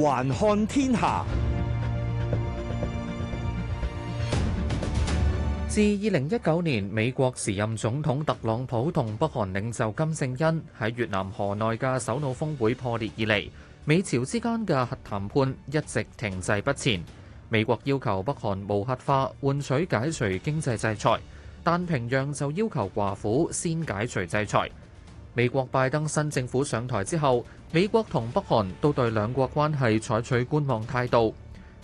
環看天下。自二零一九年美國時任總統特朗普同北韓領袖金正恩喺越南河內嘅首腦峰會破裂以嚟，美朝之間嘅核談判一直停滯不前。美國要求北韓無核化，換取解除經濟制裁，但平壤就要求華府先解除制裁。美國拜登新政府上台之後。美國同北韓都對兩國關係採取觀望態度。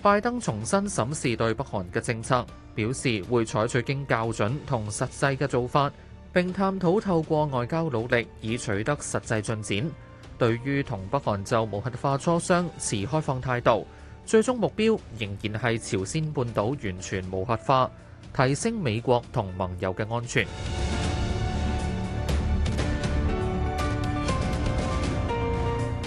拜登重新審視對北韓嘅政策，表示會採取經校準同實際嘅做法，並探討透過外交努力以取得實際進展。對於同北韓就無核化磋商持開放態度，最終目標仍然係朝鮮半島完全無核化，提升美國同盟友嘅安全。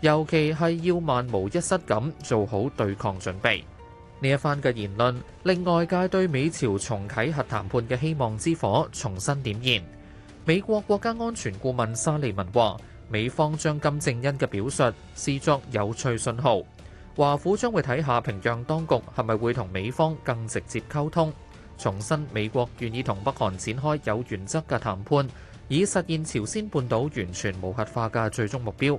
尤其係要萬無一失咁做好對抗準備。呢一番嘅言論令外界對美朝重啟核談判嘅希望之火重新點燃。美國國家安全顧問沙利文話，美方將金正恩嘅表述視作有趣信號。華府將會睇下平壤當局係咪會同美方更直接溝通，重申美國願意同北韓展開有原則嘅談判，以實現朝鮮半島完全無核化嘅最終目標。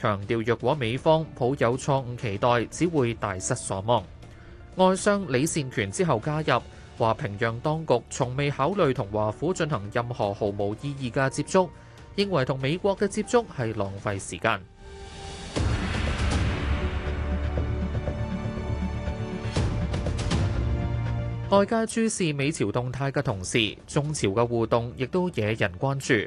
強調，若果美方抱有錯誤期待，只會大失所望。外商李善權之後加入，話平壤當局從未考慮同華府進行任何毫無意義嘅接觸，認為同美國嘅接觸係浪費時間。外界注視美朝動態嘅同時，中朝嘅互動亦都惹人關注。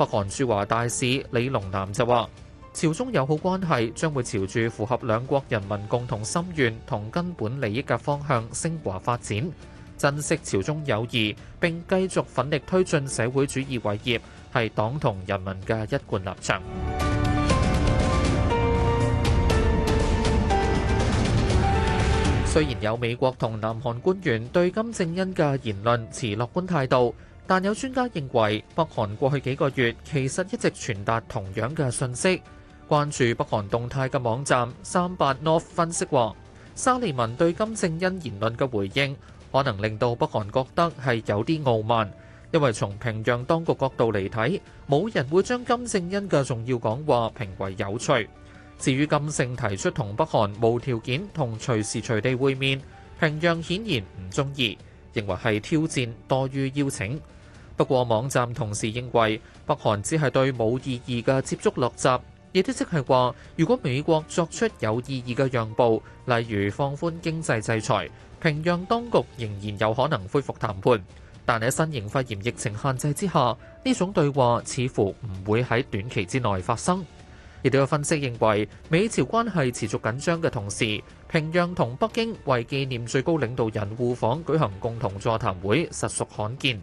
北韓駐華大使李龍南就話：朝中友好關係將會朝住符合兩國人民共同心願同根本利益嘅方向升華發展，珍惜朝中友誼並繼續奮力推進社會主義偉業，係黨同人民嘅一貫立場。雖然有美國同南韓官員對金正恩嘅言論持樂觀態度。但有專家認為，北韓過去幾個月其實一直傳達同樣嘅信息。關注北韓動態嘅網站三八 North 分析話，沙利文對金正恩言論嘅回應，可能令到北韓覺得係有啲傲慢，因為從平壤當局角度嚟睇，冇人會將金正恩嘅重要講話評為有趣。至於金正提出同北韓無條件同隨時隨地會面，平壤顯然唔中意，認為係挑戰多於邀請。不過網站同時認為北韓只係對冇意義嘅接觸落閘，亦都即係話如果美國作出有意義嘅讓步，例如放寬經濟制裁，平壤當局仍然有可能恢復談判。但喺新型肺炎疫情限制之下，呢種對話似乎唔會喺短期之內發生。亦都有分析認為，美朝關係持續緊張嘅同時，平壤同北京為紀念最高領導人互訪舉行共同座談會實屬罕見。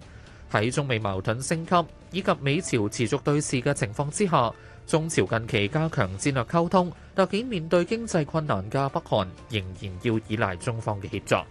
喺中美矛盾升級以及美朝持續對峙嘅情況之下，中朝近期加強戰略溝通，凸顯面對經濟困難嘅北韓仍然要依賴中方嘅協助。